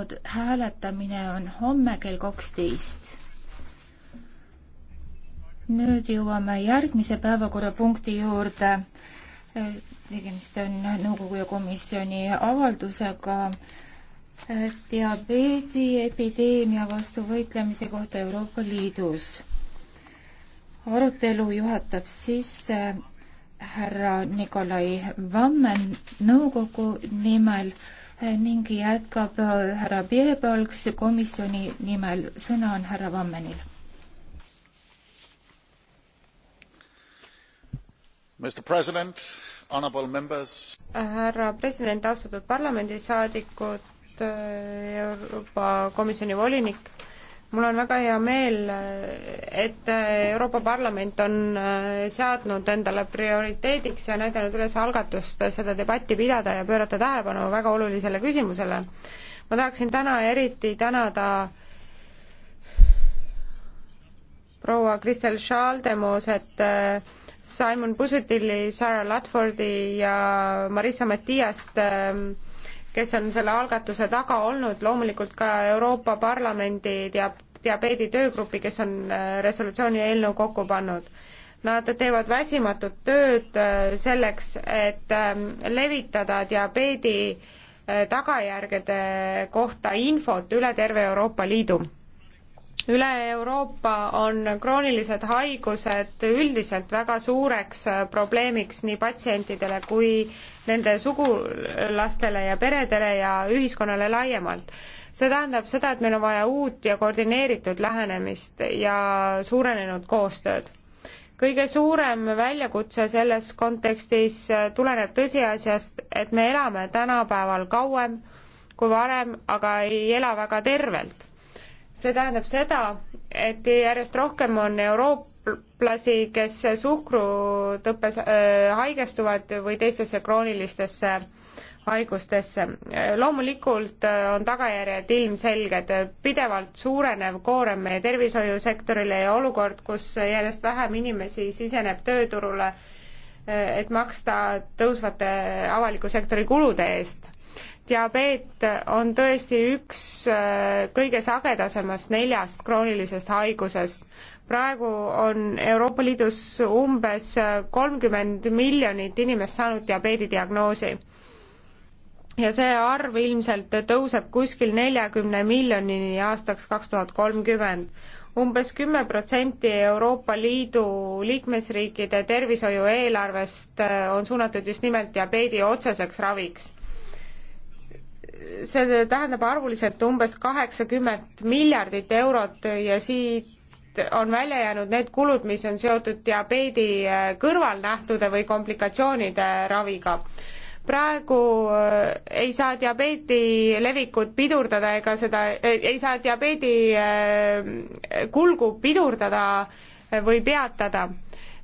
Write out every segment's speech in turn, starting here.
võtnud. hääletamine on homme kell kaksteist. nüüd jõuame järgmise päevakorrapunkti juurde. tegemist on nõukogu ja komisjoni avaldusega diabeedi epideemia vastu võitlemise kohta Euroopa Liidus. arutelu juhatab sisse härra Nikolai Vammen nõukogu nimel ning jätkab äh, härra Peebalgs komisjoni nimel. sõna on härra Vammenil. Mr President, honorable members. härra president, austatud parlamendisaadikud, äh, Euroopa Komisjoni volinik mul on väga hea meel, et Euroopa Parlament on äh, seadnud endale prioriteediks ja näidanud üles algatust seda debatti pidada ja pöörata tähelepanu väga olulisele küsimusele. ma tahaksin täna eriti tänada proua Kristel Schaldemoset, äh, Simon Pusutilli, Sarah Ludfordi ja Marissa Matiast äh, kes on selle algatuse taga olnud, loomulikult ka Euroopa Parlamendi teab diabeedi töögrupi, kes on äh, resolutsiooni eelnõu kokku pannud. Nad teevad väsimatut tööd äh, selleks, et ähm, levitada diabeedi äh, tagajärgede kohta infot üle terve Euroopa Liidu üle Euroopa on kroonilised haigused üldiselt väga suureks äh, probleemiks nii patsientidele kui nende sugulastele ja peredele ja ühiskonnale laiemalt. see tähendab seda, et meil on vaja uut ja koordineeritud lähenemist ja suurenenud koostööd kõige suurem väljakutse selles kontekstis äh, tuleneb tõsiasjast, et me elame tänapäeval kauem kui varem, aga ei ela väga tervelt see tähendab seda, et järjest rohkem on eurooplasi, kes suhkrutõppes äh, haigestuvad või teistesse kroonilistesse haigustesse. loomulikult äh, on tagajärjed ilmselged, pidevalt suurenev koorem meie tervishoiusektorile ja olukord, kus järjest vähem inimesi siseneb tööturule, äh, et maksta tõusvate avaliku sektori kulude eest diabeet on tõesti üks äh, kõige sagedasemast neljast kroonilisest haigusest. praegu on Euroopa Liidus umbes äh, kolmkümmend miljonit inimest saanud diabeedi diagnoosi. ja see arv ilmselt tõuseb kuskil neljakümne miljonini aastaks kaks tuhat kolmkümmend umbes kümme protsenti Euroopa Liidu liikmesriikide tervishoiu eelarvest äh, on suunatud just nimelt diabeedi otseseks raviks see tähendab arvuliselt umbes kaheksakümmet miljardit eurot ja siit on välja jäänud need kulud, mis on seotud diabeedi äh, kõrvalnähtude või komplikatsioonide raviga. praegu äh, ei saa diabeeti levikut pidurdada ega seda, äh, ei saa diabeedi kulgu pidurdada või peatada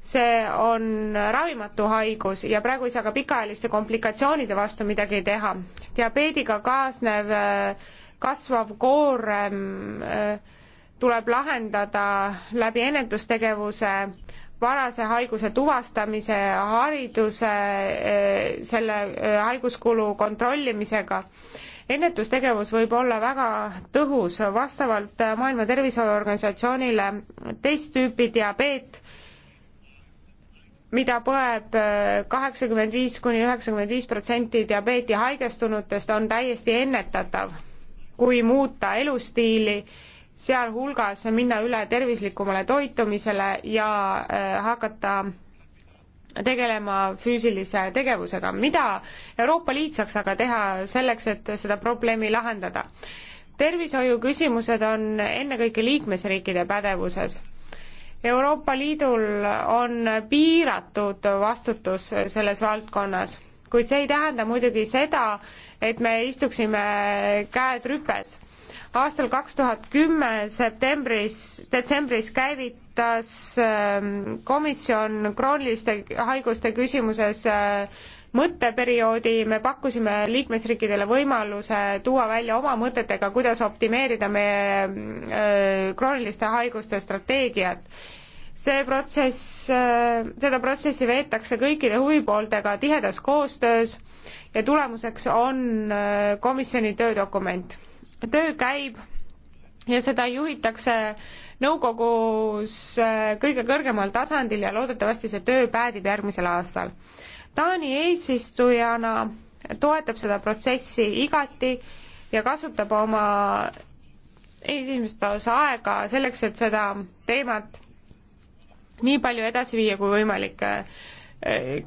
see on ravimatu haigus ja praegu ei saa ka pikaajaliste komplikatsioonide vastu midagi teha. diabeediga kaasnev äh, kasvav koorem äh, tuleb lahendada läbi ennetustegevuse, varase haiguse tuvastamise, hariduse, äh, selle haiguskulu kontrollimisega ennetustegevus võib olla väga tõhus, vastavalt Maailma Terviseorganisatsioonile teist tüüpi diabeet mida põeb äh, kaheksakümmend viis kuni üheksakümmend viis protsenti diabeeti haigestunutest, on täiesti ennetatav, kui muuta elustiili, sealhulgas minna üle tervislikumale toitumisele ja äh, hakata tegelema füüsilise tegevusega. mida Euroopa Liit saaks aga teha selleks, et seda probleemi lahendada? tervishoiuküsimused on ennekõike liikmesriikide pädevuses Euroopa Liidul on piiratud vastutus selles valdkonnas, kuid see ei tähenda muidugi seda, et me istuksime käed rüpes. aastal kaks tuhat kümme septembris, detsembris käivitas ähm, komisjon krooniliste haiguste küsimuses äh, mõtteperioodi, me pakkusime liikmesriikidele võimaluse tuua välja oma mõtetega, kuidas optimeerida meie äh, krooniliste haiguste strateegiat see protsess, äh, seda protsessi veetakse kõikide huvipooltega tihedas koostöös ja tulemuseks on äh, komisjoni töödokument. töö käib ja seda juhitakse nõukogus kõige kõrgemal tasandil ja loodetavasti see töö päädib järgmisel aastal. Taani eesistujana toetab seda protsessi igati ja kasutab oma esimest osa aega selleks, et seda teemat nii palju edasi viia kui võimalik.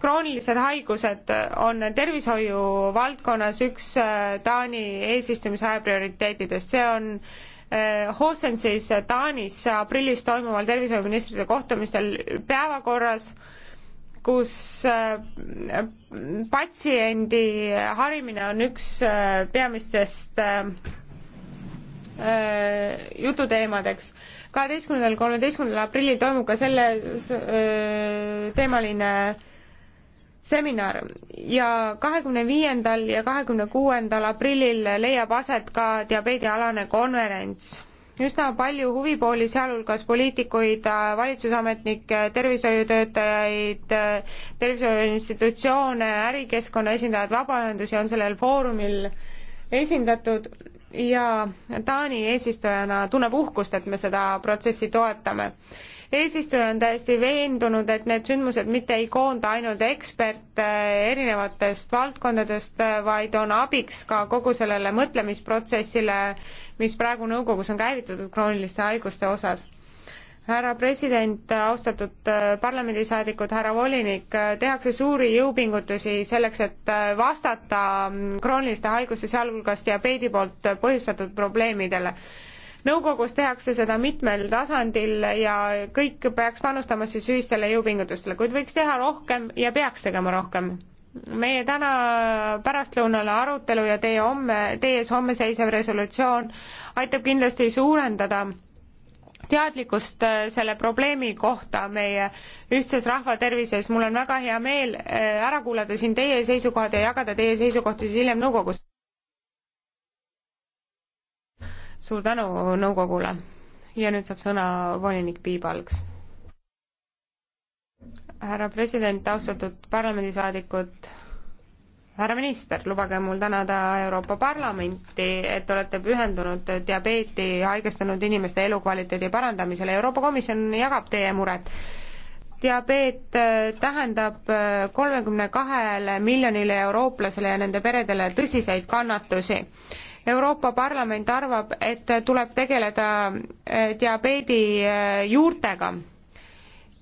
kroonilised haigused on tervishoiu valdkonnas üks äh, Taani eesistumise aja prioriteetidest, see on äh, Hossensis Taanis aprillis toimuval tervishoiuministrite kohtumistel päevakorras äh, kus äh, patsiendi harimine on üks äh, peamistest äh, jututeemadeks. kaheteistkümnendal, kolmeteistkümnendal aprillil toimub ka selles teemaline seminar ja kahekümne viiendal ja kahekümne kuuendal aprillil leiab aset ka diabeedialane konverents üsna palju huvipooli, sealhulgas poliitikuid, valitsusametnikke, tervishoiutöötajaid, tervishoiuinstitutsioone, ärikeskkonna esindajad, vabaühendusi on sellel foorumil esindatud ja Taani eesistujana tunneb uhkust, et me seda protsessi toetame eesistuja on täiesti veendunud, et need sündmused mitte ei koonda ainult eksperte äh, erinevatest valdkondadest, äh, vaid on abiks ka kogu sellele mõtlemisprotsessile, mis praegu nõukogus on käivitatud krooniliste haiguste osas härra president, austatud äh, parlamendisaadikud, härra volinik, tehakse suuri jõupingutusi selleks, et vastata mm, krooniliste haiguste, sealhulgas diabeedi poolt põhjustatud probleemidele nõukogus tehakse seda mitmel tasandil ja kõik peaks panustama siis ühistele jõupingutustele, kuid võiks teha rohkem ja peaks tegema rohkem. meie täna pärastlõunale arutelu ja teie homme, teie ees homme seisev resolutsioon aitab kindlasti suurendada teadlikkust äh, selle probleemi kohta meie ühtses rahvatervises. mul on väga hea meel äh, ära kuulata siin teie seisukohad ja jagada teie seisukohti siis hiljem nõukogus. suur tänu nõukogule ja nüüd saab sõna volinik Piip Algs. härra president, austatud parlamendisaadikud, härra minister, lubage mul tänada Euroopa Parlamenti, et olete pühendunud diabeeti haigestunud inimeste elukvaliteedi parandamisele, Euroopa Komisjon jagab teie muret diabeet äh, tähendab äh, kolmekümne kahele miljonile eurooplasele ja nende peredele tõsiseid kannatusi Euroopa Parlament arvab, et tuleb tegeleda äh, diabeedi äh, juurtega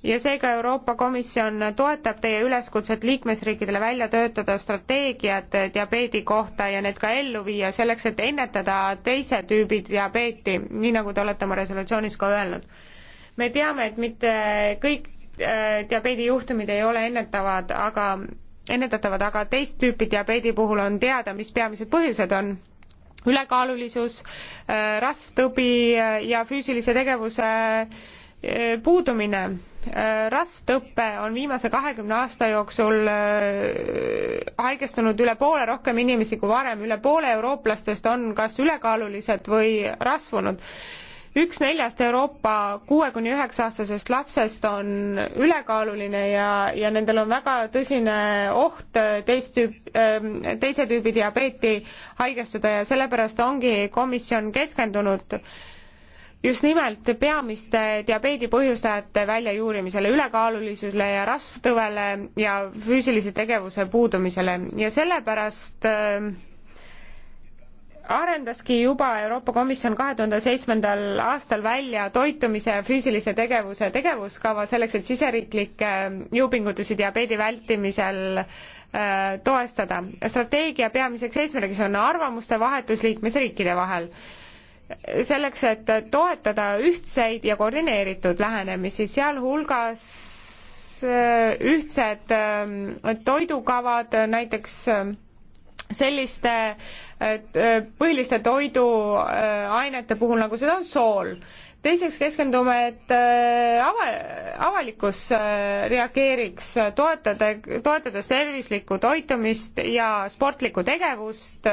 ja seega Euroopa Komisjon toetab teie üleskutset liikmesriikidele välja töötada strateegiad äh, diabeedi kohta ja need ka ellu viia selleks, et ennetada teise tüübi diabeeti, nii nagu te olete oma resolutsioonis ka öelnud. me teame, et mitte kõik diabeedijuhtumid ei ole ennetavad, aga ennetatavad, aga teist tüüpi diabeedi puhul on teada, mis peamised põhjused on ülekaalulisus, äh, rasvtõbi äh, ja füüsilise tegevuse äh, puudumine. rasvtõppe on viimase kahekümne aasta jooksul haigestunud üle poole rohkem inimesi kui varem, üle poole eurooplastest on kas ülekaalulised või rasvunud üks neljast Euroopa kuue kuni üheksa aastasest lapsest on ülekaaluline ja, ja nendel on väga tõsine oht teist tüüp, ähm, teise tüübi diabeeti haigestuda ja sellepärast ongi komisjon keskendunud just nimelt peamiste diabeedi põhjustajate väljajuurimisele, ülekaalulisusele ja rasvtõvele ja füüsilise tegevuse puudumisele ja sellepärast äh, arendaski juba Euroopa Komisjon kahe tuhande seitsmendal aastal välja toitumise ja füüsilise tegevuse tegevuskava selleks, et siseriiklikke jõupingutusi diabeedi vältimisel äh, toestada. strateegia peamiseks eesmärgiks on arvamuste vahetus liikmesriikide vahel selleks, et toetada ühtseid ja koordineeritud lähenemisi, sealhulgas äh, ühtsed ähm, toidukavad, näiteks äh, selliste äh, et äh, põhiliste toiduainete äh, puhul, nagu seda on sool. teiseks keskendume, et äh, ava-, avalikkus reageeriks, toetada, toetades tervislikku toitumist ja sportlikku tegevust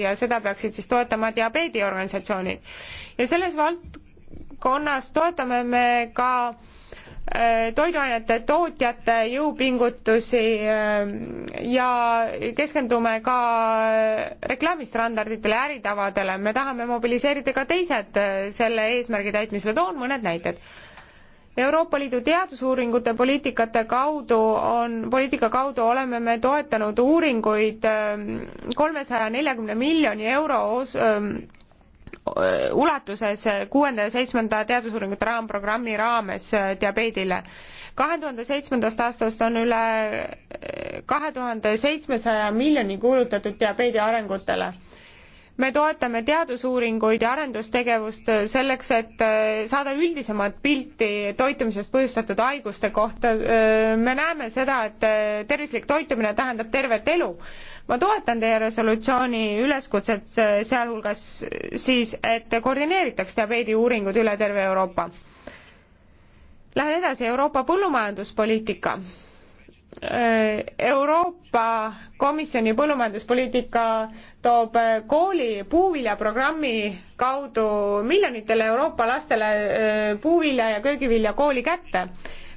ja seda peaksid siis toetama diabeediorganisatsioonid. ja selles valdkonnas toetame me ka äh, Äh, toiduainete tootjate jõupingutusi äh, ja keskendume ka äh, reklaamistandarditele ja äritavadele. me tahame mobiliseerida ka teised selle eesmärgi täitmisele, toon mõned näited. Euroopa Liidu teadusuuringute poliitikate kaudu on, poliitika kaudu oleme me toetanud uuringuid kolmesaja neljakümne miljoni euro os-, ähm, Äh, ulatuses kuuenda ja seitsmenda teadusuuringute raamprogrammi raames äh, diabeedile. kahe tuhande seitsmendast aastast on üle äh, kahe tuhande seitsmesaja miljoni kuulutatud diabeedi arengutele me toetame teadusuuringuid ja arendustegevust selleks, et äh, saada üldisemat pilti toitumisest põhjustatud haiguste kohta. Äh, me näeme seda, et äh, tervislik toitumine tähendab tervet elu. ma toetan teie resolutsiooni üleskutset, sealhulgas siis, et koordineeritaks diabeediuuringud üle terve Euroopa. Lähen edasi, Euroopa põllumajanduspoliitika Äh, Euroopa Komisjoni põllumajanduspoliitika toob äh, kooli puuviljaprogrammi kaudu miljonitele Euroopa lastele äh, puuvilja ja köögivilja kooli kätte.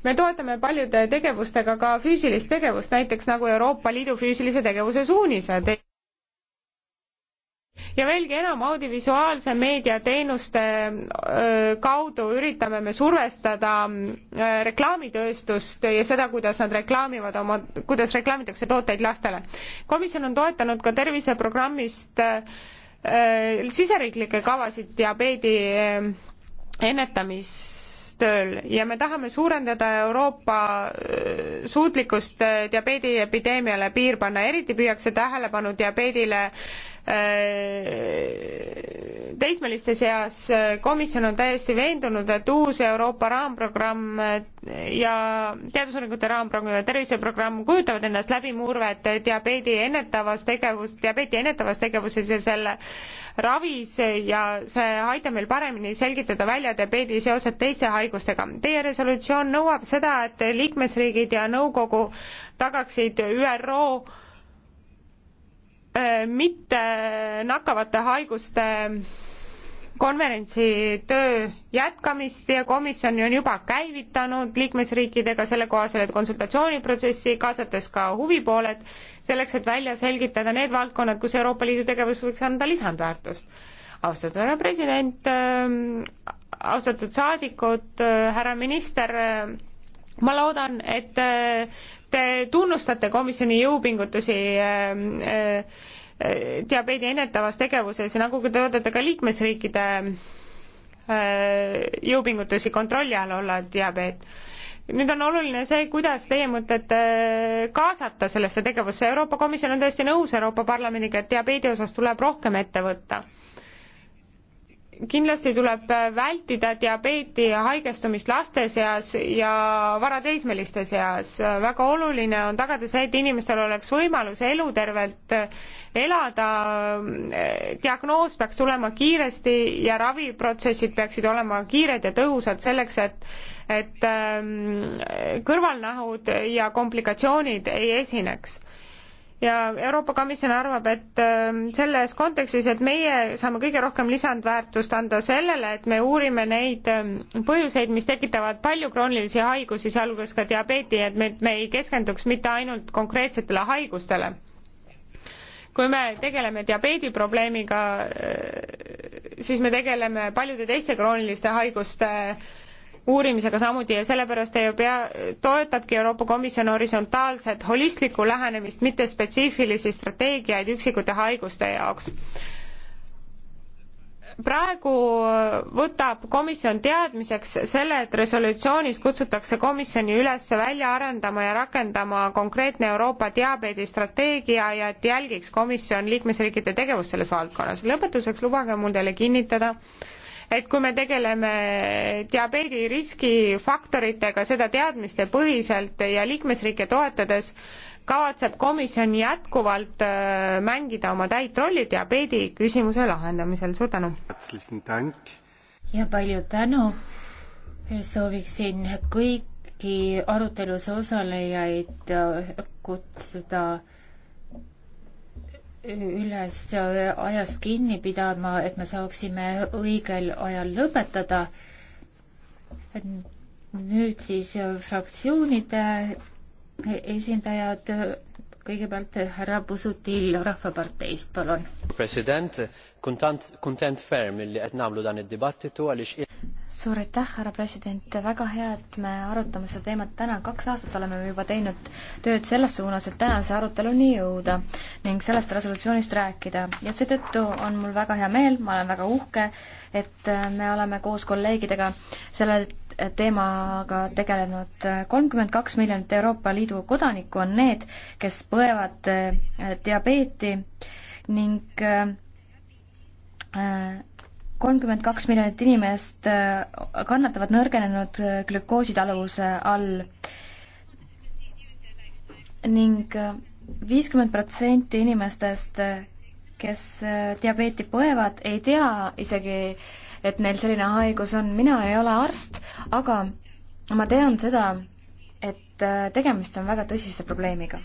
me toetame paljude tegevustega ka füüsilist tegevust, näiteks nagu Euroopa Liidu füüsilise tegevuse suunised ja veelgi enam, audiovisuaalse meediateenuste kaudu üritame me survestada reklaamitööstust ja seda, kuidas nad reklaamivad oma, kuidas reklaamitakse tooteid lastele. komisjon on toetanud ka terviseprogrammist siseriiklikke kavasid diabeedi ennetamistööl ja me tahame suurendada Euroopa suutlikkust diabeediepideemiale piir panna, eriti püüaks see tähelepanu diabeedile Äh, teismeliste seas äh, komisjon on täiesti veendunud, et uus Euroopa raamprogramm äh, ja teadusuuringute raamprogramm ja terviseprogramm kujutavad endast läbimurvet diabeedi ennetavas tegevus, diabeeti ennetavas tegevuses ja selle ravis ja see aitab meil paremini selgitada välja diabeedi seosed teiste haigustega. Teie resolutsioon nõuab seda, et liikmesriigid ja nõukogu tagaksid ÜRO Äh, mitte nakkavate haiguste konverentsi töö jätkamist ja komisjon on juba käivitanud liikmesriikidega sellekohasele konsultatsiooniprotsessi, kaasates ka huvipooled, selleks, et välja selgitada need valdkonnad, kus Euroopa Liidu tegevus võiks anda lisandväärtust. austatud härra president, ähm, austatud saadikud, äh, härra minister, äh, ma loodan, et Te äh, tunnustate komisjoni jõupingutusi ähm, äh, diabeedi ennetavas tegevuses ja nagu te olete ka liikmesriikide äh, jõupingutusi kontrolli all olla diabeet. nüüd on oluline see, kuidas teie mõtted kaasata sellesse tegevusse. Euroopa Komisjon on täiesti nõus Euroopa Parlamendiga, et diabeedi osas tuleb rohkem ette võtta kindlasti tuleb vältida diabeeti ja haigestumist laste seas ja varateismeliste seas. väga oluline on tagada see, et inimestel oleks võimalus elutervelt elada, diagnoos peaks tulema kiiresti ja raviprotsessid peaksid olema kiired ja tõhusad selleks, et et ähm, kõrvalnähud ja komplikatsioonid ei esineks ja Euroopa Komisjon arvab, et ähm, selles kontekstis, et meie saame kõige rohkem lisandväärtust anda sellele, et me uurime neid ähm, põhjuseid, mis tekitavad palju kroonilisi haigusi, sealhulgas ka diabeeti, et me, me ei keskenduks mitte ainult konkreetsetele haigustele. kui me tegeleme diabeedi probleemiga, äh, siis me tegeleme paljude teiste krooniliste haiguste äh, uurimisega samuti ja sellepärast ei pea, toetabki Euroopa Komisjon horisontaalset holistlikku lähenemist, mitte spetsiifilisi strateegiaid üksikute haiguste jaoks. praegu võtab komisjon teadmiseks selle, et resolutsioonis kutsutakse komisjoni üles välja arendama ja rakendama konkreetne Euroopa diabeedistrateegia ja et jälgiks komisjon liikmesriikide tegevust selles valdkonnas. lõpetuseks lubage mul teile kinnitada, et kui me tegeleme diabeedi riskifaktoritega, seda teadmistepõhiselt ja liikmesriike toetades, kavatseb komisjon jätkuvalt äh, mängida oma täit rolli diabeedi küsimuse lahendamisel, suur tänu! ja palju tänu, sooviksin kõiki arutelus osalejaid äh, kutsuda üles äh, ajast kinni pidama, et me saaksime õigel ajal lõpetada. nüüd siis äh, fraktsioonide esindajad, kõigepealt härra Pusutil Rahvaparteist, palun. president, content, content firm, et namlu dan dibattitu, għalix suur aitäh, härra president, väga hea, et me arutame seda teemat täna, kaks aastat oleme juba teinud tööd selles suunas, et tänase aruteluni jõuda ning sellest resolutsioonist rääkida ja seetõttu on mul väga hea meel, ma olen väga uhke, et me oleme koos kolleegidega selle teemaga tegelenud. kolmkümmend kaks miljonit Euroopa Liidu kodanikku on need, kes põevad diabeeti ning äh, kolmkümmend kaks miljonit inimest äh, kannatavad nõrgenenud äh, glükoositaluvuse all ning äh, viiskümmend protsenti inimestest, kes diabeeti põevad, ei tea isegi, et neil selline haigus on. mina ei ole arst, aga ma tean seda, et tegemist on väga tõsise probleemiga.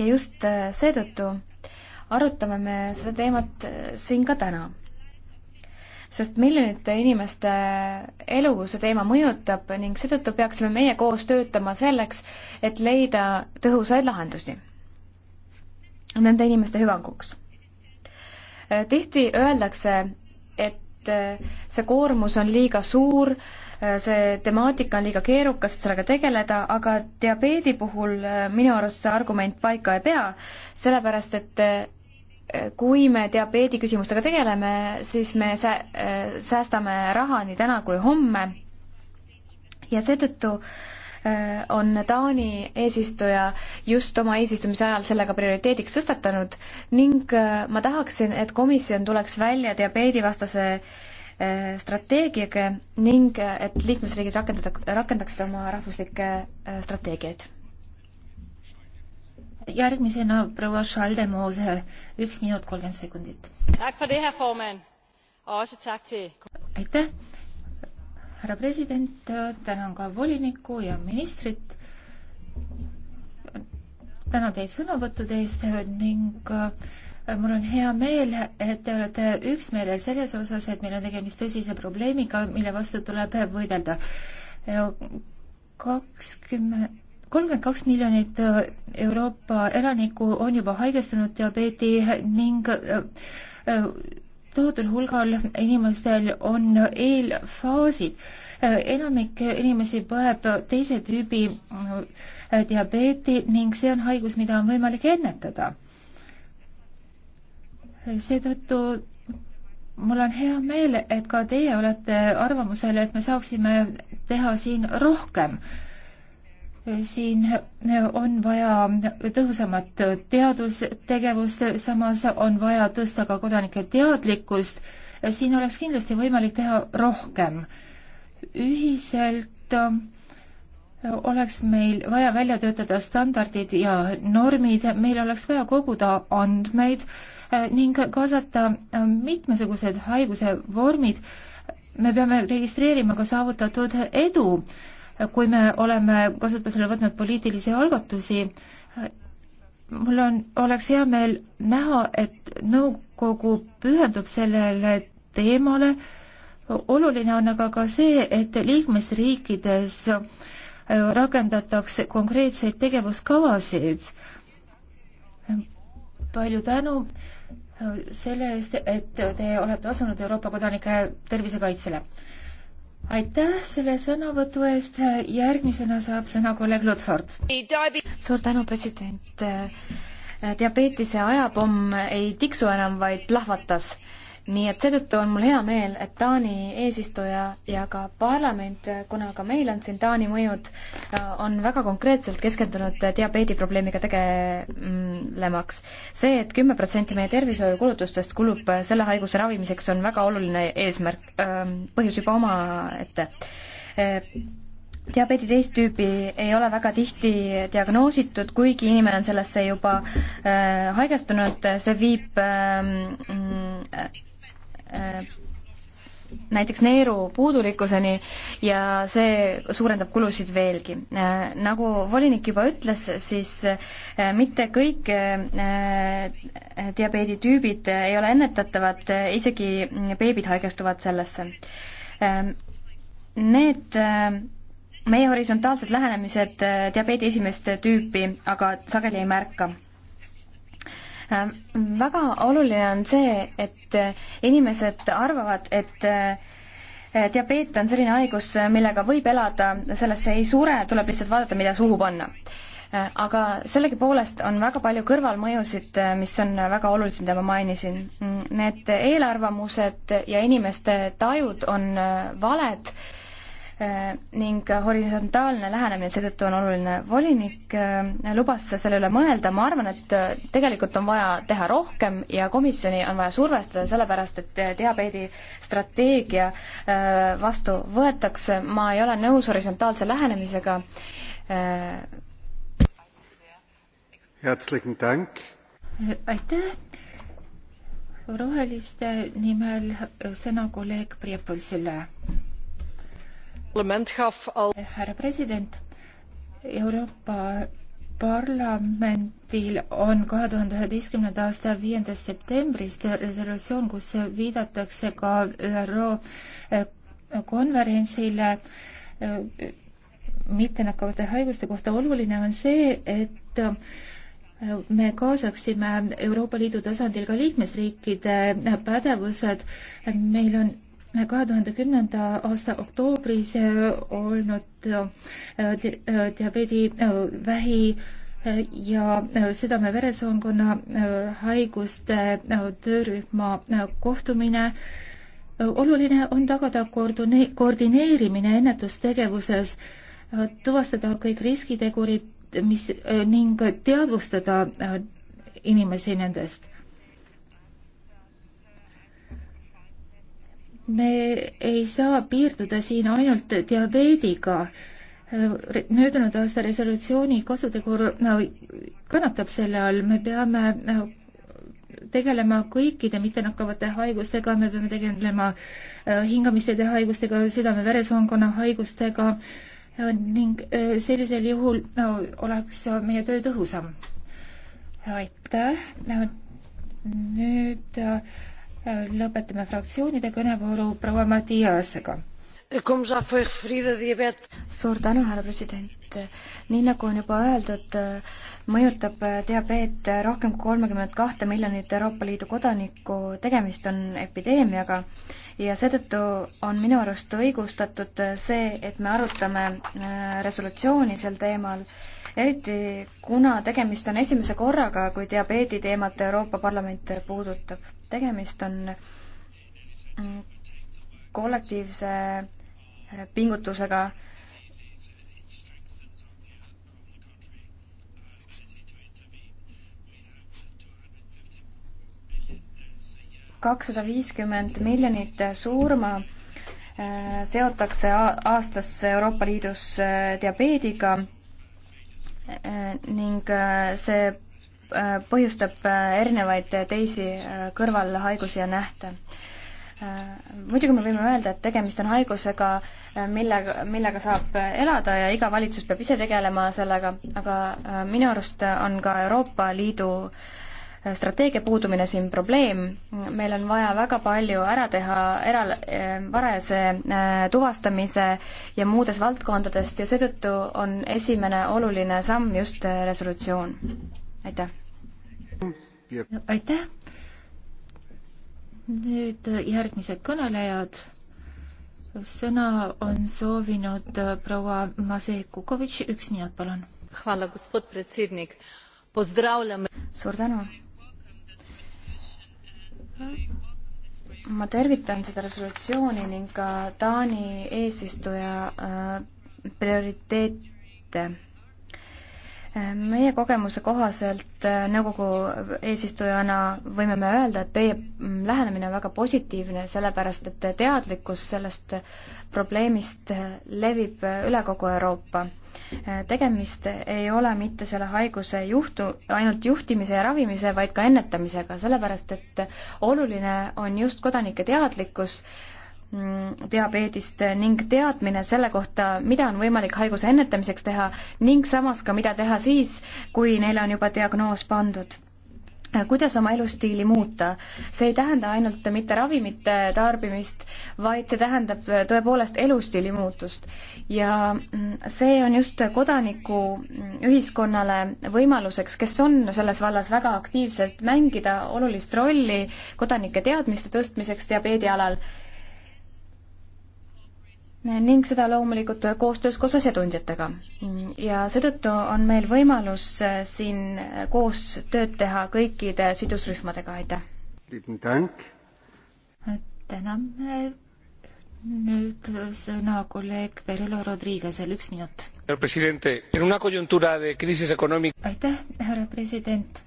ja just seetõttu arutame me seda teemat siin ka täna sest miljonite inimeste elu see teema mõjutab ning seetõttu peaksime meie koos töötama selleks, et leida tõhusaid lahendusi nende inimeste hüvanguks. tihti öeldakse, et eh, see koormus on liiga suur, eh, see temaatika on liiga keerukas, et sellega tegeleda, aga diabeedi puhul eh, minu arust see argument paika ei pea, sellepärast et kui me diabeedi küsimustega tegeleme, siis me sää-, äh, säästame raha nii täna kui homme ja seetõttu äh, on Taani eesistuja just oma eesistumise ajal sellega prioriteediks tõstatanud ning äh, ma tahaksin, et komisjon tuleks välja diabeedivastase strateegiaga ning et liikmesriigid rakendatak-, rakendaksid oma rahvuslikke strateegiaid järgmisena proua Schaldemose, üks minut kolmkümmend sekundit. aitäh, härra president, tänan ka volinikku ja ministrit. tänan teid sõnavõttude eest ning äh, mul on hea meel, et te olete üksmeelel selles osas, et meil on tegemist tõsise probleemiga, mille vastu tuleb võidelda. kakskümmend kolmkümmend kaks miljonit äh, Euroopa elanikku on juba haigestunud diabeedi ning äh, äh, tohutul hulgal inimestel on eelfaasid. enamik inimesi põeb teise tüübi diabeeti ning see on haigus, mida on võimalik ennetada. seetõttu mul on hea meel, et ka teie olete arvamusel, et me saaksime teha siin rohkem siin on vaja tõhusamat teadustegevust, samas on vaja tõsta ka kodanike teadlikkust. siin oleks kindlasti võimalik teha rohkem. ühiselt oleks meil vaja välja töötada standardid ja normid, meil oleks vaja koguda andmeid ning kaasata mitmesugused haiguse vormid. me peame registreerima ka saavutatud edu kui me oleme kasutusele võtnud poliitilisi algatusi. mul on, oleks hea meel näha, et nõukogu pühendub sellele teemale. oluline on aga ka see, et liikmesriikides rakendatakse konkreetseid tegevuskavasid. palju tänu selle eest, et te olete asunud Euroopa kodanike tervisekaitsele aitäh selle sõnavõtu eest, järgmisena saab sõna kolleeg Lutford. suur tänu, president. diabeetise ajapomm ei tiksu enam, vaid plahvatas nii et seetõttu on mul hea meel, et Taani eesistuja ja ka parlament, kuna ka meil on siin Taani mõjud, on väga konkreetselt keskendunud diabeediprobleemiga tegelemaks. see et, et kümme protsenti meie tervishoiukulutustest kulub selle haiguse ravimiseks, on väga oluline eesmärk, ähm, põhjus juba omaette diabeedi teist tüüpi ei ole väga tihti diagnoositud, kuigi inimene on sellesse juba äh, haigestunud, see viib äh, Äh, näiteks neeru puudulikkuseni ja see suurendab kulusid veelgi. Äh, nagu volinik juba ütles, siis äh, mitte kõik diabeeditüübid ei ole ennetatavad, isegi beebid haigestuvad sellesse. Need meie horisontaalsed lähenemised diabeedi esimest tüüpi aga sageli ei märka Äh, väga oluline on see, et äh, inimesed arvavad, et äh, diabeet on selline haigus, millega võib elada, sellesse ei sure, tuleb lihtsalt vaadata, mida suhu panna aga sellegipoolest on väga palju kõrvalmõjusid, mis on väga olulised, mida ma mainisin. Mm, need eelarvamused ja inimeste tajud on valed Äh, ning horisontaalne lähenemine seetõttu on oluline. volinik äh, lubas selle üle mõelda, ma arvan, et äh, tegelikult on vaja teha rohkem ja komisjoni on vaja survestada, sellepärast et diabeedistrateegia vastu võetakse, ma ei ole nõus horisontaalse lähenemisega. aitäh! roheliste nimel sõna kolleeg Priepõlsile härra president, Euroopa Parlamendil on kahe tuhande üheteistkümnenda aasta viiendast septembrist resolutsioon, kus viidatakse ka ÜRO eh, konverentsile eh, mittenakkavate haiguste kohta. oluline on see, et eh, me kaasaksime Euroopa Liidu tasandil ka liikmesriikide pädevused. meil on kahe tuhande kümnenda aasta oktoobris äh, olnud äh, äh, diabeedi vähi ja südame-veresoonkonna haiguste töörühma kohtumine. oluline on tagada koordine-, koordineerimine ennetustegevuses, tuvastada kõik riskitegurid, mis ning teadvustada inimesi nendest me ei saa piirduda siin ainult diabeediga. möödunud aasta resolutsiooni kasutegur no, kannatab selle all, me peame tegelema kõikide mittenakkavate haigustega, me peame tegelema äh, hingamisteede haigustega, südame-veresoonkonna haigustega äh, ning äh, sellisel juhul no, oleks meie töö tõhusam. aitäh, nüüd lõpetame fraktsioonide kõnevooru proua Matiasega. suur tänu, härra president. nii nagu on juba öeldud, mõjutab diabeet rohkem kui kolmekümmet kahte miljonit Euroopa Liidu kodanikku, tegemist on epideemiaga ja seetõttu on minu arust õigustatud see, et me arutame äh, resolutsiooni sel teemal eriti kuna tegemist on esimese korraga, kui diabeedi teemat Euroopa Parlament puudutab tegemist on mm, kollektiivse äh, pingutusega kakssada viiskümmend miljonit surma äh, seotakse aastas Euroopa Liidus äh, diabeediga ning see Äh, põhjustab äh, erinevaid äh, teisi kõrvalhaigusi ja nähte. muidugi me võime öelda, et tegemist on haigusega, millega, millega saab elada ja iga valitsus peab ise tegelema sellega, aga minu arust on ka Euroopa Liidu strateegia puudumine siin probleem, meil on vaja väga palju ära teha eral-, varajase tuvastamise ja muudes valdkondadest ja seetõttu on esimene oluline samm just resolutsioon aitäh. aitäh. nüüd järgmised kõnelejad. sõna on soovinud proua Masej Kukovitš, üks minut, palun. suur tänu ma tervitan seda resolutsiooni ning ka Taani eesistuja äh, prioriteete meie kogemuse kohaselt äh, nõukogu eesistujana võime me öelda, et teie mm, lähenemine on väga positiivne, sellepärast et teadlikkus sellest probleemist äh, levib äh, üle kogu Euroopa. tegemist ei ole mitte selle haiguse juhtu, ainult juhtimise ja ravimise, vaid ka ennetamisega, sellepärast et oluline on just kodanike teadlikkus Mm, diabeedist ning teadmine selle kohta, mida on võimalik haiguse ennetamiseks teha ning samas ka, mida teha siis, kui neile on juba diagnoos pandud. kuidas oma elustiili muuta? see ei tähenda ainult mitte ravimite tarbimist, vaid see tähendab tõepoolest elustiili muutust. ja mm, see on just kodanikuühiskonnale mm, võimaluseks, kes on selles vallas väga aktiivselt, mängida olulist rolli kodanike teadmiste tõstmiseks diabeedi alal ning seda loomulikult koostöös koos asjatundjatega. ja seetõttu on meil võimalus äh, siin koos tööd teha kõikide sidusrühmadega, aitäh! täname nüüd sõna kolleeg Perelo Rodriguez'el, üks minut. aitäh, härra president!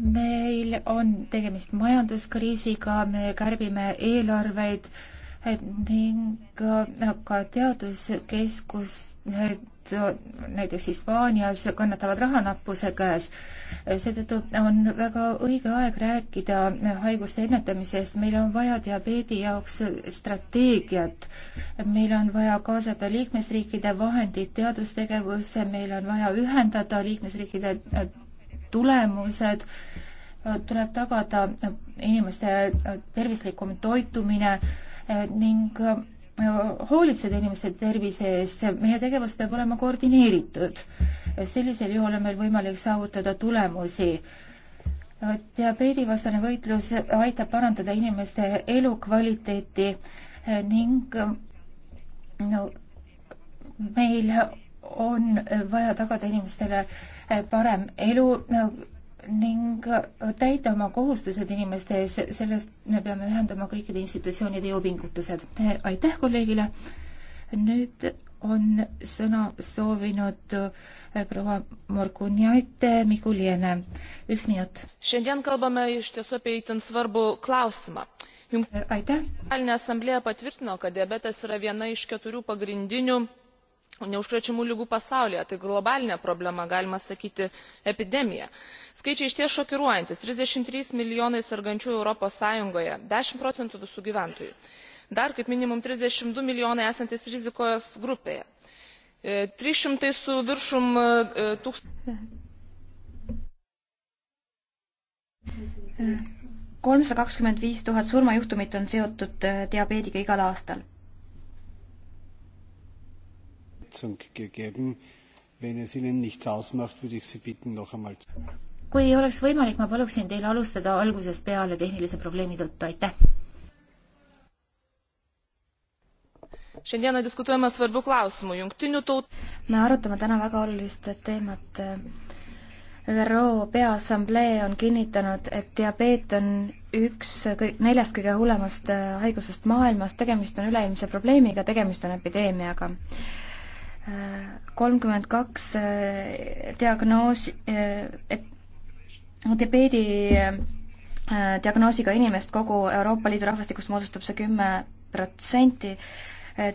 meil on tegemist majanduskriisiga, me kärbime eelarveid ning äh, ka teaduskeskused äh, näiteks Hispaanias kannatavad rahanappuse käes. Äh, seetõttu on väga õige aeg rääkida haiguste ennetamisest, meil on vaja diabeedi jaoks strateegiat, meil on vaja kaasata liikmesriikide vahendid teadustegevusse, meil on vaja ühendada liikmesriikide tulemused, tuleb tagada inimeste tervislikum toitumine Äh, ning äh, hoolitseda inimeste tervise eest, meie tegevus peab olema koordineeritud. Äh, sellisel juhul on meil võimalik saavutada tulemusi. diabeedivastane võitlus aitab parandada inimeste elukvaliteeti ning no, meil on vaja tagada inimestele parem elu no, ning äh, täita oma kohustused inimeste ees, sellest me peame ühendama kõikide institutsioonide jõupingutused. aitäh kolleegile. nüüd on sõna soovinud äh, proua Morguniaite Mikuliene. üks minut. aitäh. assamblea patvirtino, kad diabetes yra viena iš keturių pagrindinių neužkrečiamų ligų pasaulyje tai globalinė problema galima sakyti epidemija. skaičiai išties šokiruojantys trisdešimt trys milijonai sergančiųjų europos sąjungoje dešimt procentų visų gyventojų dar kaip minimum trisdešimt du milijonai esantys rizikos grupėje e, trys šimtai su viršum e, tūkstančių. E, kolmsada kakskümmend viis tuhat surmajuhtumit on seotud diabeediga igal aastal Übersetzung gegeben. Wenn es Ihnen nichts ausmacht, würde ich Sie bitten, noch einmal zu kui oleks võimalik, ma paluksin teil alustada algusest peale tehnilise probleemi tõttu, aitäh. me arutame täna väga olulist teemat. ÜRO Peaassamblee on kinnitanud, et diabeet on üks kõik, neljast kõige hullemast äh, haigusest maailmas, tegemist on üleilmse probleemiga, tegemist on epideemiaga kolmkümmend kaks äh, diagnoos, diabeedi äh, äh, diagnoosiga inimest kogu Euroopa Liidu rahvastikust moodustab see kümme protsenti.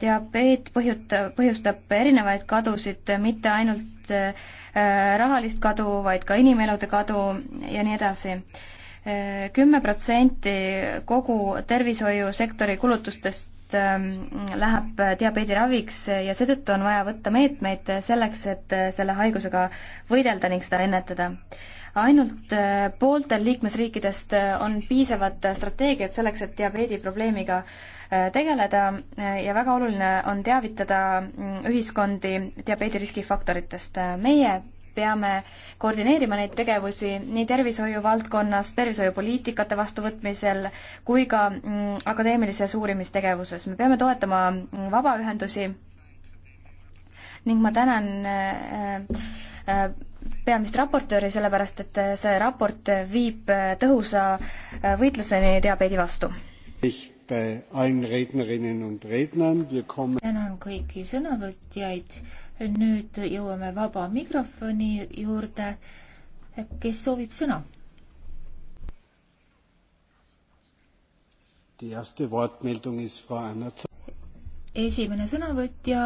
diabeet põhjutab, põhjustab erinevaid kadusid, mitte ainult rahalist kadu, vaid ka inimelude kadu ja nii edasi kümme protsenti kogu tervishoiusektori kulutustest Ähm, läheb diabeediraviks ja seetõttu on vaja võtta meetmeid selleks, et selle haigusega võidelda ning seda ennetada. ainult äh, pooltel liikmesriikidest äh, on piisavad strateegiad selleks, et diabeediprobleemiga äh, tegeleda ja väga oluline on teavitada mm, ühiskondi diabeedi riskifaktoritest. meie peame koordineerima neid tegevusi nii tervishoiu valdkonnas, tervishoiupoliitikate vastuvõtmisel kui ka mm, akadeemilises uurimistegevuses. me peame toetama mm, vabaühendusi ning ma tänan äh, äh, peamist raportööri, sellepärast et see raport viib äh, tõhusa võitluseni diabeedi vastu. tänan kõiki sõnavõtjaid nüüd jõuame vaba mikrofoni juurde. kes soovib sõna? esimene sõnavõtja,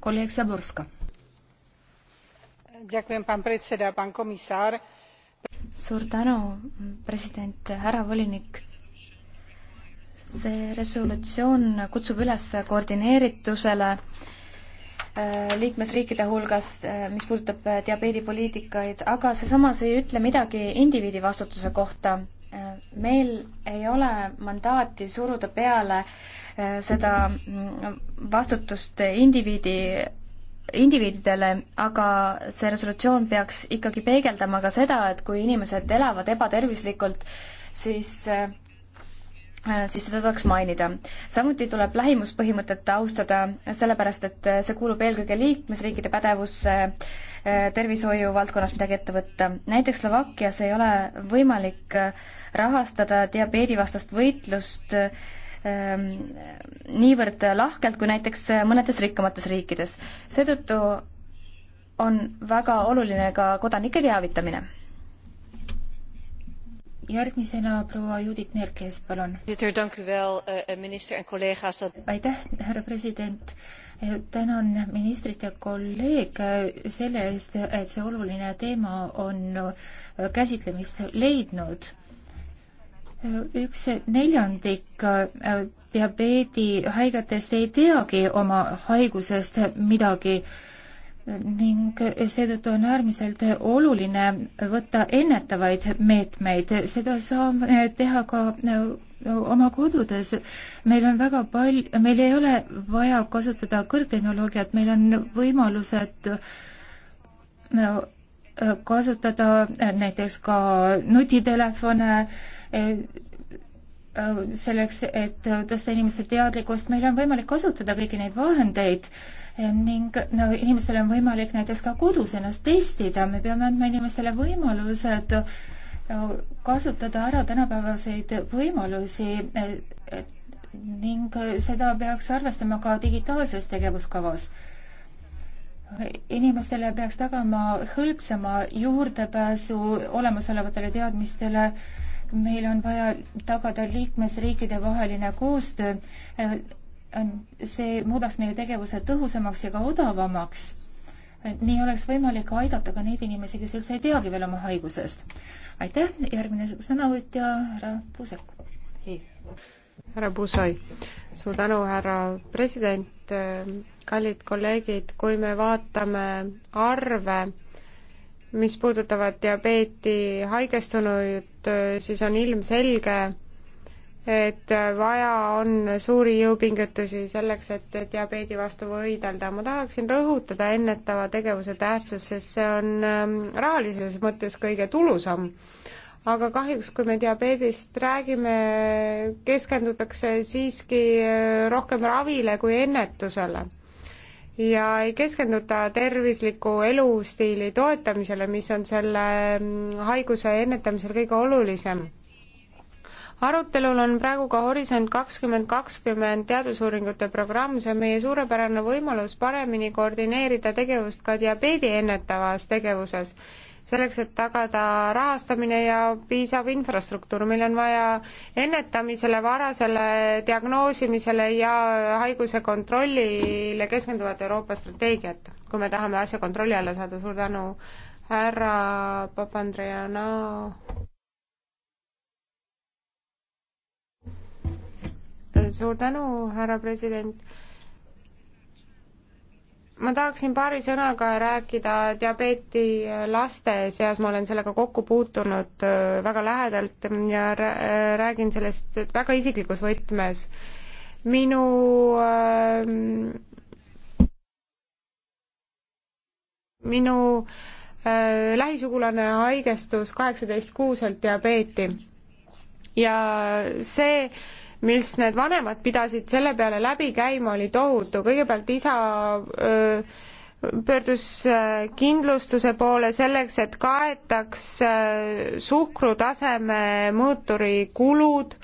kolleeg Zaborska. suur tänu, president, härra volinik see resolutsioon kutsub üles koordineeritusele äh, Äh, liikmesriikide hulgas, äh, mis puudutab äh, diabeedipoliitikaid, aga see samas ei ütle midagi indiviidi vastutuse kohta. meil ei ole mandaati suruda peale seda mm, vastutust indiviidi indiviididele, aga see resolutsioon peaks ikkagi peegeldama ka seda, et kui inimesed elavad ebatervislikult, siis äh, Äh, siis seda tuleks mainida. samuti tuleb lähimuspõhimõtet austada, sellepärast et äh, see kuulub eelkõige liikmesriikide pädevusse äh, tervishoiu valdkonnas midagi ette võtta. näiteks Slovakkias ei ole võimalik rahastada diabeedivastast võitlust ähm, niivõrd lahkelt kui näiteks mõnedes rikkamates riikides. seetõttu on väga oluline ka kodanike teavitamine järgmisena proua Judith Merkes, palun. Eh, eh, aitäh, härra president. Eh, tänan ministrit ja kolleege selle eest, et see oluline teema on käsitlemist leidnud. üks neljandik diabeedi haigetest ei teagi oma haigusest midagi ning seetõttu on äärmiselt oluline võtta ennetavaid meetmeid, seda saame teha ka oma kodudes. meil on väga palju, meil ei ole vaja kasutada kõrgtehnoloogiat, meil on võimalused kasutada näiteks ka nutitelefone, selleks, et tõsta inimeste teadlikkust, meil on võimalik kasutada kõiki neid vahendeid ning no inimestel on võimalik näiteks ka kodus ennast testida, me peame andma inimestele võimalused äh, kasutada ära tänapäevaseid võimalusi äh, ning äh, seda peaks arvestama ka digitaalses tegevuskavas inimestele peaks tagama hõlpsama juurdepääsu olemasolevatele teadmistele. meil on vaja tagada liikmesriikide vaheline koostöö see muudaks meie tegevuse tõhusamaks ja ka odavamaks. nii oleks võimalik aidata ka neid inimesi, kes üldse ei teagi veel oma haigusest. aitäh, järgmine sõnavõtja, härra Puusek. härra Puusoi, suur tänu, härra president, kallid kolleegid, kui me vaatame arve, mis puudutavad diabeeti haigestunuid, siis on ilmselge, et vaja on suuri jõupingutusi selleks, et diabeedi vastu võidelda. ma tahaksin rõhutada ennetava tegevuse tähtsust, sest see on ähm, rahalises mõttes kõige tulusam. aga kahjuks, kui me diabeedist räägime, keskendutakse siiski äh, rohkem ravile kui ennetusele ja ei keskenduta tervisliku elustiili toetamisele, mis on selle mm, haiguse ennetamisel kõige olulisem arutelul on praegu ka Horisont kakskümmend kakskümmend teadusuuringute programm, see on meie suurepärane võimalus paremini koordineerida tegevust ka diabeedi ennetavas tegevuses, selleks et tagada rahastamine ja piisav infrastruktuur, meil on vaja ennetamisele, varasele diagnoosimisele ja haiguse kontrollile keskenduvat Euroopa strateegiat, kui me tahame asja kontrolli alla saada, suur tänu, härra Papandreana no.. suur tänu, härra president. ma tahaksin paari sõnaga rääkida diabeeti laste seas, ma olen sellega kokku puutunud äh, väga lähedalt ja äh, räägin sellest väga isiklikus võtmes. minu äh, minu lähisugulane haigestus kaheksateist kuuselt diabeeti ja see mis need vanemad pidasid selle peale läbi käima, oli tohutu, kõigepealt isa öö, pöördus kindlustuse poole selleks, et kaetaks suhkrutaseme mõõturi kulud,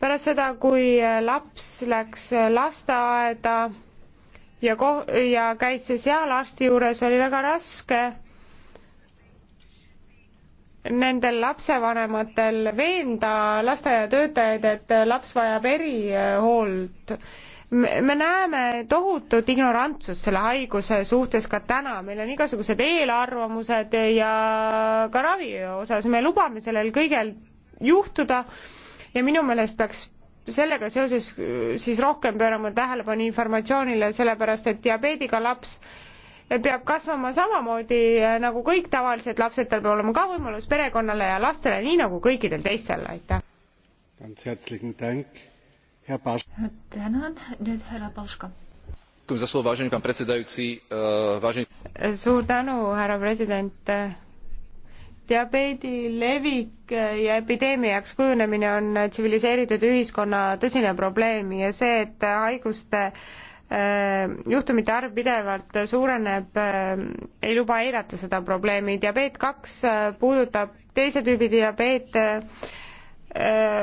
pärast seda, kui laps läks lasteaeda ja ko-, ja käis seal arsti juures, oli väga raske nendel lapsevanematel veenda lasteaiatöötajaid, et laps vajab erihoolt. me näeme tohutut ignorantsust selle haiguse suhtes ka täna, meil on igasugused eelarvamused ja ka ravi osas me lubame sellel kõigel juhtuda ja minu meelest peaks sellega seoses siis rohkem pöörama tähelepanu informatsioonile, sellepärast et diabeediga laps peab kasvama samamoodi eh, nagu kõik tavalised lapsed, tal peab olema ka võimalus perekonnale ja lastele, nii nagu kõikidel teistel, aitäh. tänan, nüüd härra Paška. Eh, suur tänu, härra president. diabeedi levik ja epideemiaks kujunemine on tsiviliseeritud ühiskonna tõsine probleem ja see, et haiguste äh, Äh, juhtumite arv pidevalt suureneb, äh, ei luba eirata seda probleemi. diabeet kaks äh, puudutab teise tüübi diabeet,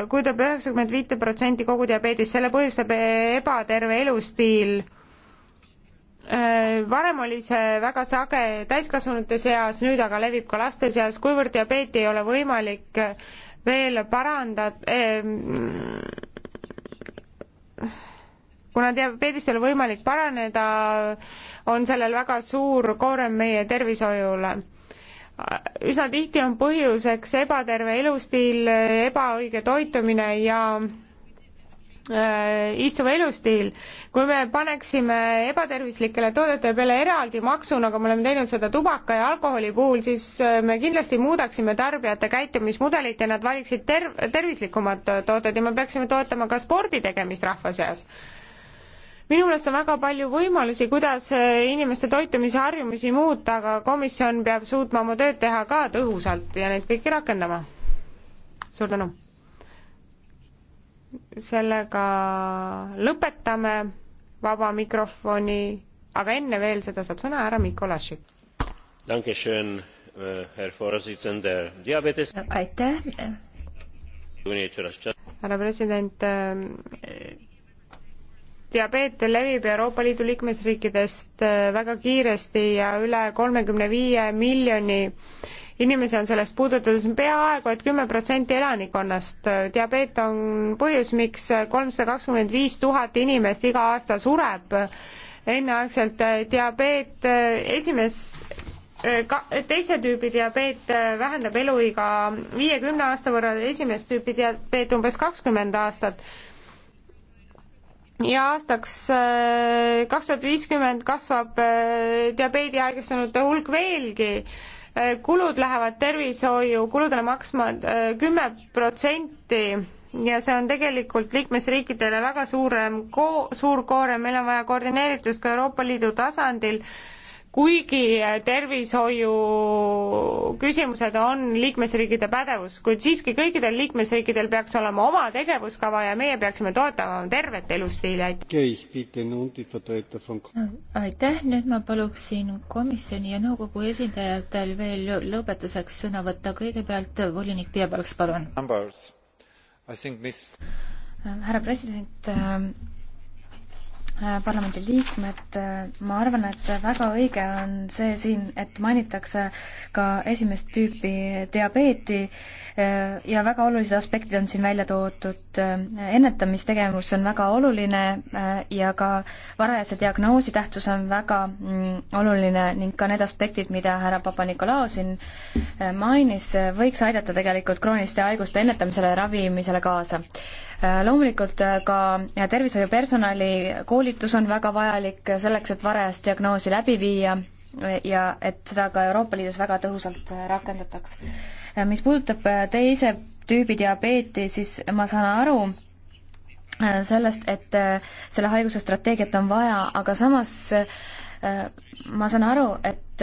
kujutab üheksakümmend viite protsenti kogu diabeedist, selle põhjustab e-, ebaterve elustiil varem oli see väga sage täiskasvanute seas, nüüd aga levib ka laste seas, kuivõrd diabeeti ei ole võimalik veel parandada eh,, kuna diabeedist ei ole võimalik paraneda, on sellel väga suur koorem meie tervishoiule üsna tihti on põhjuseks ebaterve elustiil, ebaõige toitumine ja äh, istuv elustiil. kui me paneksime ebatervislikele toodete peale eraldi maksu, nagu me oleme teinud seda tubaka ja alkoholi puhul, siis äh, me kindlasti muudaksime tarbijate käitumismudelit ja nad valiksid ter-, tervislikumad tooted ja me peaksime toetama ka spordi tegemist rahva seas minu meelest on väga palju võimalusi, kuidas äh, inimeste toitumisharjumusi muuta, aga komisjon peab suutma oma tööd teha ka tõhusalt ja neid kõiki rakendama. suur tänu! sellega lõpetame vaba mikrofoni, aga enne veel seda saab sõna härra Mikolašik. Äh, aitäh! härra president, äh, diabeet levib Euroopa Liidu liikmesriikidest äh, väga kiiresti ja üle kolmekümne viie miljoni inimesi on sellest puudutatud, see on peaaegu et kümme protsenti elanikkonnast. Äh, diabeet on põhjus, miks äh, kolmsada kakskümmend viis tuhat inimest iga aasta sureb enneaegselt diabeet esimes ka, teise tüübi diabeet vähendab eluiga viiekümne aasta võrra, esimest tüüpi diabeet umbes kakskümmend aastat ja aastaks äh, kaks tuhat viiskümmend kasvab äh, diabeedi haigestunute hulk veelgi. Äh, kulud lähevad tervishoiu kuludele maksma kümme protsenti ja see on tegelikult liikmesriikidele väga suurem ko-, suur koorem, meil on vaja koordineeritust ka Euroopa Liidu tasandil kuigi äh, tervishoiu küsimused on liikmesriikide pädevus, kuid siiski kõikidel liikmesriikidel peaks olema oma tegevuskava ja meie peaksime toetama tervet elustiili, aitäh. aitäh, nüüd ma paluksin komisjoni ja nõukogu esindajatel veel lõpetuseks sõna võtta, kõigepealt volinik Piepalks, palun. härra president Äh, parlamendi liikmed, äh, ma arvan, et väga õige on see siin, et mainitakse ka esimest tüüpi diabeeti Äh, ja väga olulised aspektid on siin välja toodud. Äh, ennetamistegevus on väga oluline äh, ja ka varajase diagnoosi tähtsus on väga mm, oluline ning ka need aspektid, mida härra Papa-Nikolau siin mainis, võiks aidata tegelikult krooniliste haiguste ennetamisele ja ravimisele kaasa loomulikult ka tervishoiupersonali koolitus on väga vajalik selleks, et varajast diagnoosi läbi viia ja et seda ka Euroopa Liidus väga tõhusalt rakendataks. mis puudutab äh, teise tüübi diabeeti, siis ma saan aru, äh, sellest, et äh, selle haiguse strateegiat on vaja, aga samas ma saan aru, et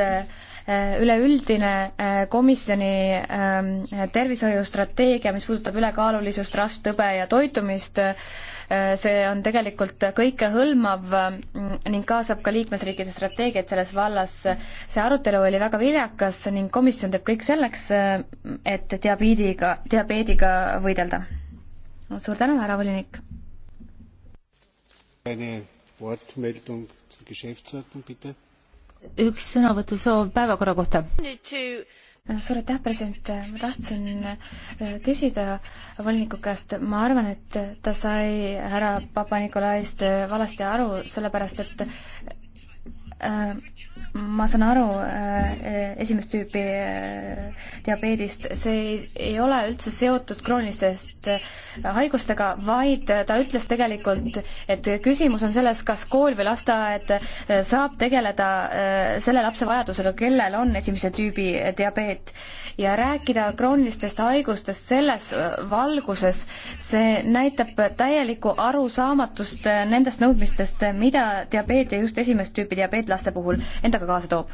üleüldine komisjoni ähm, tervishoiustrateegia, mis puudutab ülekaalulisust, rasvtõbe ja toitumist, Äh, see on tegelikult kõikehõlmav mm, ning kaasab ka liikmesriikide strateegiaid selles vallas. see arutelu oli väga viljakas ning komisjon teeb kõik selleks, äh, et diabeediga, diabeediga võidelda. suur tänu, härra volinik! üks sõnavõtusoov päevakorra kohta suur aitäh, president, ma tahtsin äh, küsida voliniku käest, ma arvan, et ta sai härra Papa-Nikolaist äh, valesti aru, sellepärast et Äh, ma saan aru äh, esimest tüüpi äh, diabeedist, see ei ole üldse seotud kroonilistest haigustega, vaid ta ütles tegelikult, et küsimus on selles, kas kool või lasteaed saab tegeleda selle lapse vajadusega, kellel on esimese tüübi diabeet ja rääkida kroonilistest haigustest selles äh, valguses, see näitab täielikku arusaamatust äh, nendest nõudmistest, äh, mida diabeet ja just esimest tüüpi diabeet laste puhul endaga kaasa toob.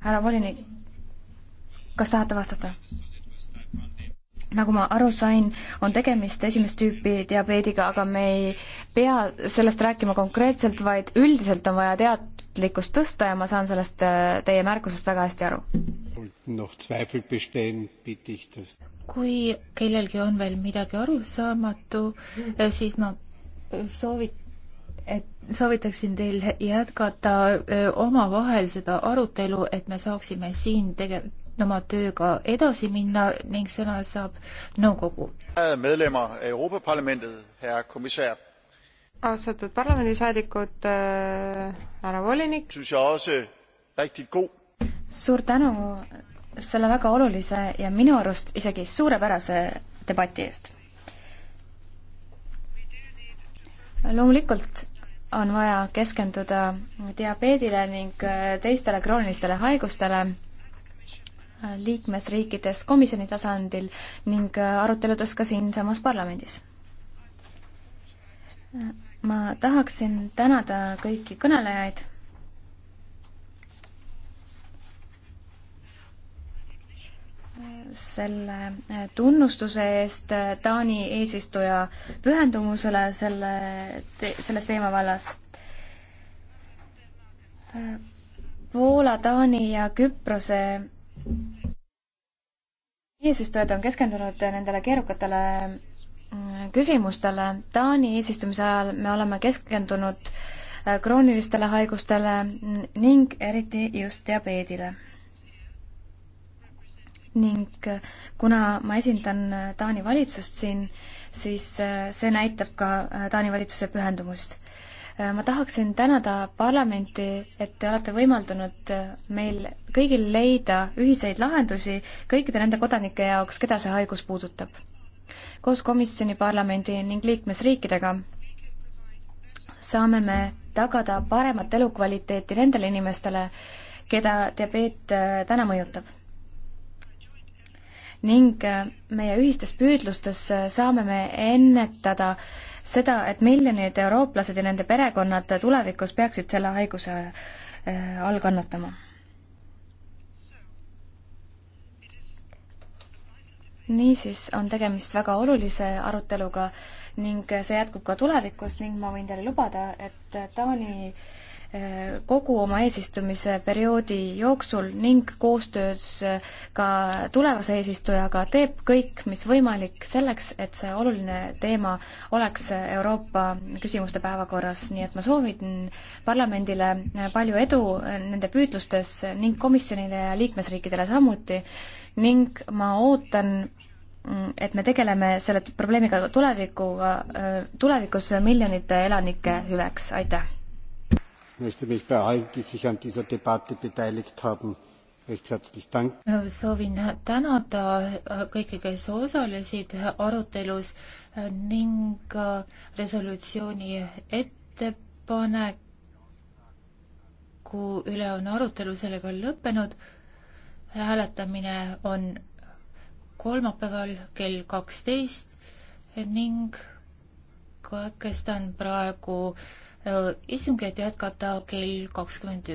härra volinik, kas tahate vastata? nagu ma aru sain, on tegemist esimest tüüpi diabeediga, aga me ei pea sellest rääkima konkreetselt, vaid üldiselt on vaja teadlikkust tõsta ja ma saan sellest äh, teie märkusest väga hästi aru. kui kellelgi on veel midagi arusaamatu, äh, siis ma soovit-, et soovitaksin teil jätkata äh, omavahel seda arutelu, et me saaksime siin tege-, oma tööga edasi minna ning sõna saab nõukogu. austatud parlamendisaadikud, äh, härra volinik. suur tänu selle väga olulise ja minu arust isegi suurepärase debati eest. loomulikult on vaja keskenduda diabeedile ning äh, teistele kroonilistele haigustele liikmesriikides komisjoni tasandil ning aruteludes ka siinsamas parlamendis. ma tahaksin tänada kõiki kõnelejaid. selle tunnustuse eest Taani eesistuja pühendumusele selle te,, selles teemavallas Poola, Taani ja Küprose eesistujad on keskendunud nendele keerukatele mm, küsimustele. Taani eesistumise ajal me oleme keskendunud äh, kroonilistele haigustele mm, ning eriti just diabeedile. ning äh, kuna ma esindan äh, Taani valitsust siin, siis see näitab ka Taani valitsuse pühendumust ma tahaksin tänada parlamenti, et te olete võimaldanud meil kõigil leida ühiseid lahendusi kõikide nende kodanike jaoks, keda see haigus puudutab. koos komisjoni, parlamendi ning liikmesriikidega saame me tagada paremat elukvaliteeti nendele inimestele, keda diabeet äh, täna mõjutab ning äh, meie ühistes püüdlustes äh, saame me ennetada seda, et miljonid eurooplased ja nende perekonnad tulevikus peaksid selle haiguse äh, all kannatama. niisiis on tegemist väga olulise aruteluga ning see jätkub ka tulevikus ning ma võin teile lubada, et Taani äh, kogu oma eesistumise perioodi jooksul ning koostöös ka tulevase eesistujaga teeb kõik, mis võimalik selleks, et see oluline teema oleks Euroopa küsimuste päevakorras, nii et ma soovin parlamendile palju edu nende püüdlustes ning komisjonile ja liikmesriikidele samuti ning ma ootan et me tegeleme selle probleemiga tulevikuga, tulevikus miljonite elanike hüveks, aitäh! ich möchte mich bei allen die sich an dieser debatte beteiligt haben recht herzlich danken. Äh, soovin tänada äh, kõiki kes osalesid arutelus äh, ning resolutsiooni ettepaneku üle on arutelu sellega lõppenud hääletamine on kolmapäeval kell kaksteist ning katkestan praegu Äh, istungeid jätkata kell kakskümmend